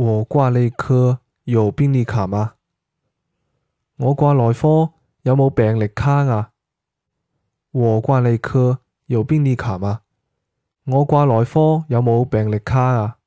我掛內科有病歷卡嗎？我掛內科有冇病歷卡啊？我掛內科有病歷卡嗎？我掛內科有冇病歷卡啊？